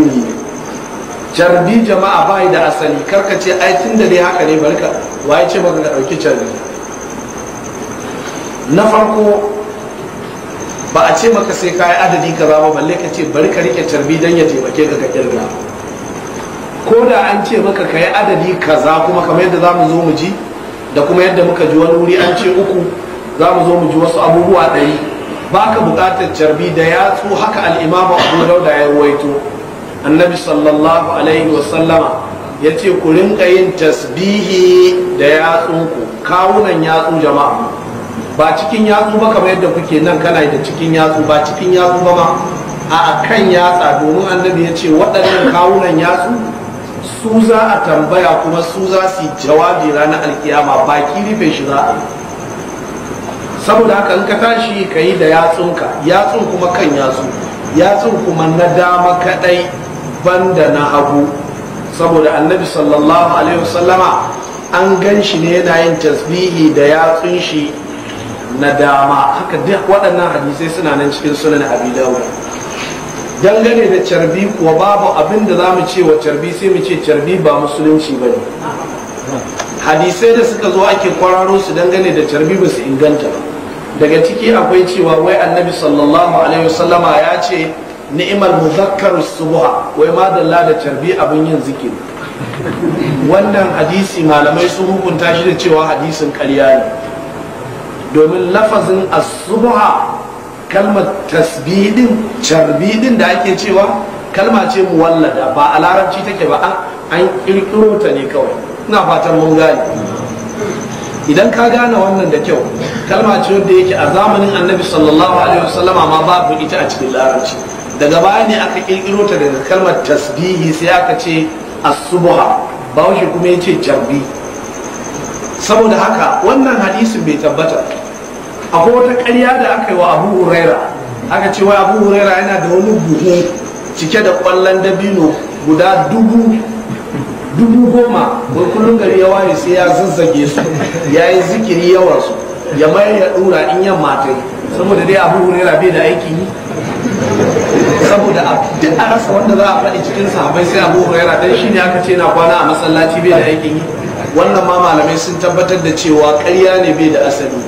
ne carbi jama'a bai da asali karka ce ai tun da dai haka ne barka wa waye ce ba ka dauki carbi na farko ba a ce maka sai kayi adadi kaza ba balle ka ce bari ka rike carbi dan ya taimake ka ka kirga ko da an ce maka ka yi adadi kaza kuma kamar yadda za zo mu ji da kuma yadda muka ji wani wuri an ce uku zamu zo mu ji wasu abubuwa ɗari ba ka buƙatar carbi da yatsu haka al'imamu abu dauda ya ruwaito annabi sallallahu alaihi wasallama ya ce ku rinka yin tasbihi da yatsunku kawunan yatsu jama'a ba cikin yatsu ba kamar yadda kuke nan kana da cikin yatsu ba cikin yatsu ba ma a kan yatsa domin annabi ya ce waɗannan kawunan yatsu su za a tambaya kuma su za su jawabi ranar alkiyama baki rufe shi za a saboda haka in ka tashi ka yi da yatsunka yatsun kuma kan yatsu yatsun kuma na dama kaɗai banda na hagu saboda annabi sallallahu alaihi wasallama an gan shi ne yana yin tasbihi da yatsun shi na dama haka duk waɗannan hadisai suna nan cikin sunan abi dawud dangane da carbi kuwa babu abin da za mu ce wa carbi sai mu ce carbi ba musulunci ba ne hadisai da suka zo ake kwararo su dangane da carbi ba su inganta daga ciki akwai cewa wai annabi sallallahu alaihi wasallama ya ce ni'mal muzakkaru subha wai ma dalla da carbi abin yin zikiri wannan hadisi malamai sun hukunta shi da cewa hadisin ƙarya ne domin lafazin as-subha kalmar tasbidin carbidin da ake cewa kalma ce muwallada ba a larabci take ba an kirkiro ta ne kawai ina fatan mun gane idan ka gane wannan da kyau kalma ce wanda yake a zamanin annabi sallallahu alaihi wasallama ma babu ita a cikin larabci daga baya ne aka kirkiro ta daga kalmar tasbihi sai aka ce asubuha bawashi kuma ya ce jarbi saboda haka wannan hadisin bai tabbata akwai wata karya da aka yi wa abu huraira aka ce wai abu huraira yana da wani buhu cike da kwallon dabino guda dubu dubu goma wai kullum gari ya waye sai ya zazzage su ya yi zikiri yawarsu ya mayar ya ɗura in yamma ta yi saboda dai abu huraira bai da aiki yi saboda duk a rasa wanda za a faɗi cikin sahabai sai abu huraira dan shi ne aka ce na kwana a masallaci bai da aikin yi wannan ma malamai sun tabbatar da cewa ƙarya ne bai da asali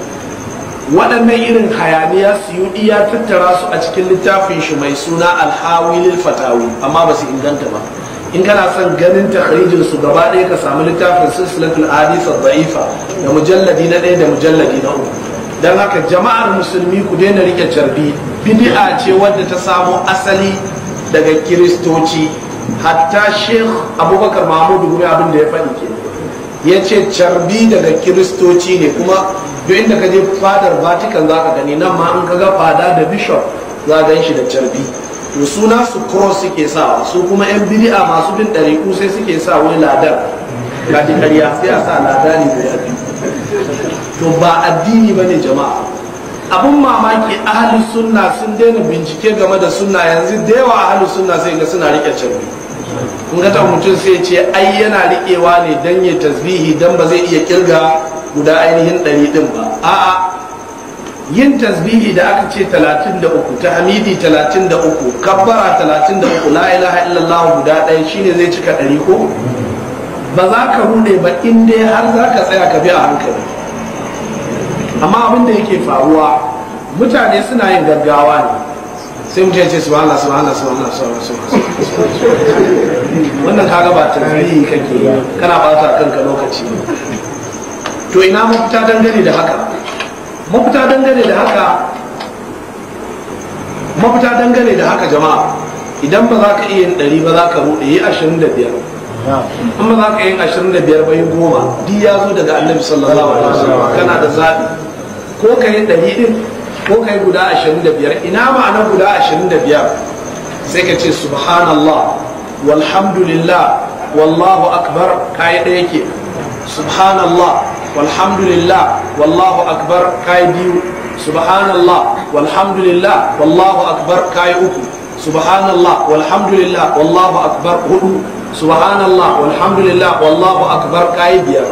waɗannan irin hayaniya su yi iya tattara su a cikin littafin shi mai suna alhawilil fatawi amma ba su inganta ba in kana son ganin tahrijin su gaba ɗaya ka samu littafin silsilatul hadith dha'ifa da mujalladi na ɗaya da mujalladi na uku dan haka jama'ar musulmi ku daina rike carbi bid'a ce wadda ta samo asali daga kiristoci hatta sheikh abubakar mahmudu gumi abin da ya faɗi ke ya ce carbi daga kiristoci ne kuma duk inda ka je fadar vatican za ka gani nan ma in ka ga fada da bishop za gan shi da carbi to suna su cross suke sawa su kuma yan bid'a masu bin ɗariku sai suke sa wani ladar ga ƙarya sai a sa ladari guda fi. to ba addini ba ne jama'a abun mamaki ahalin sunna sun daina bincike game da sunna yanzu da yawa ahalin sunna sai ga suna rike canbi kun ga mutum sai ce ai yana riƙewa ne dan ya tasbihi dan ba zai iya kirga guda ainihin ɗari ɗin ba a'a yin tasbihi da aka ce 33 tahmidi 33 kabbara 33 la ilaha illallah guda ɗaya shine zai cika ɗari ko ba za ka rude ba in dai har za ka tsaya ka bi a hankali amma abin da yake faruwa mutane suna yin gaggawa ne sai mutum ce su wahala su wahala su wahala su wahala su wannan kaga ba tasbihi kake kana bata kanka lokaci to ina mafita dangane da haka mafita dangane da haka mafita dangane da haka jama'a idan ba za ka iya yin ɗari ba za ka buɗe yi ashirin da biyar in ba za ka yi ashirin da biyar ba yi goma duk ya zo daga annabi sallallahu alaihi wasallam kana da zaɓi ko ka yi ɗari ɗin ko ka yi guda ashirin da biyar ina ma'anar guda ashirin da biyar sai ka ce subhanallah walhamdulillah wallahu akbar ka yi ɗaya ke subhanallah walhamdulillah wallahu akbar ka yi biyu subhanallah walhamdulillah wallahu akbar ka yi uku subhanallah walhamdulillah wallahu akbar hudu subhanallah walhamdulillah wallahu akbar ka yi biyar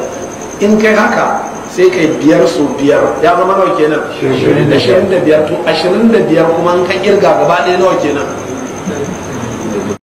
in kai haka sai kai biyar su biyar ya zama nawa kenan ashirin da biyar ashirin da biyar kuma an ka irga gaba ɗaya nawa kenan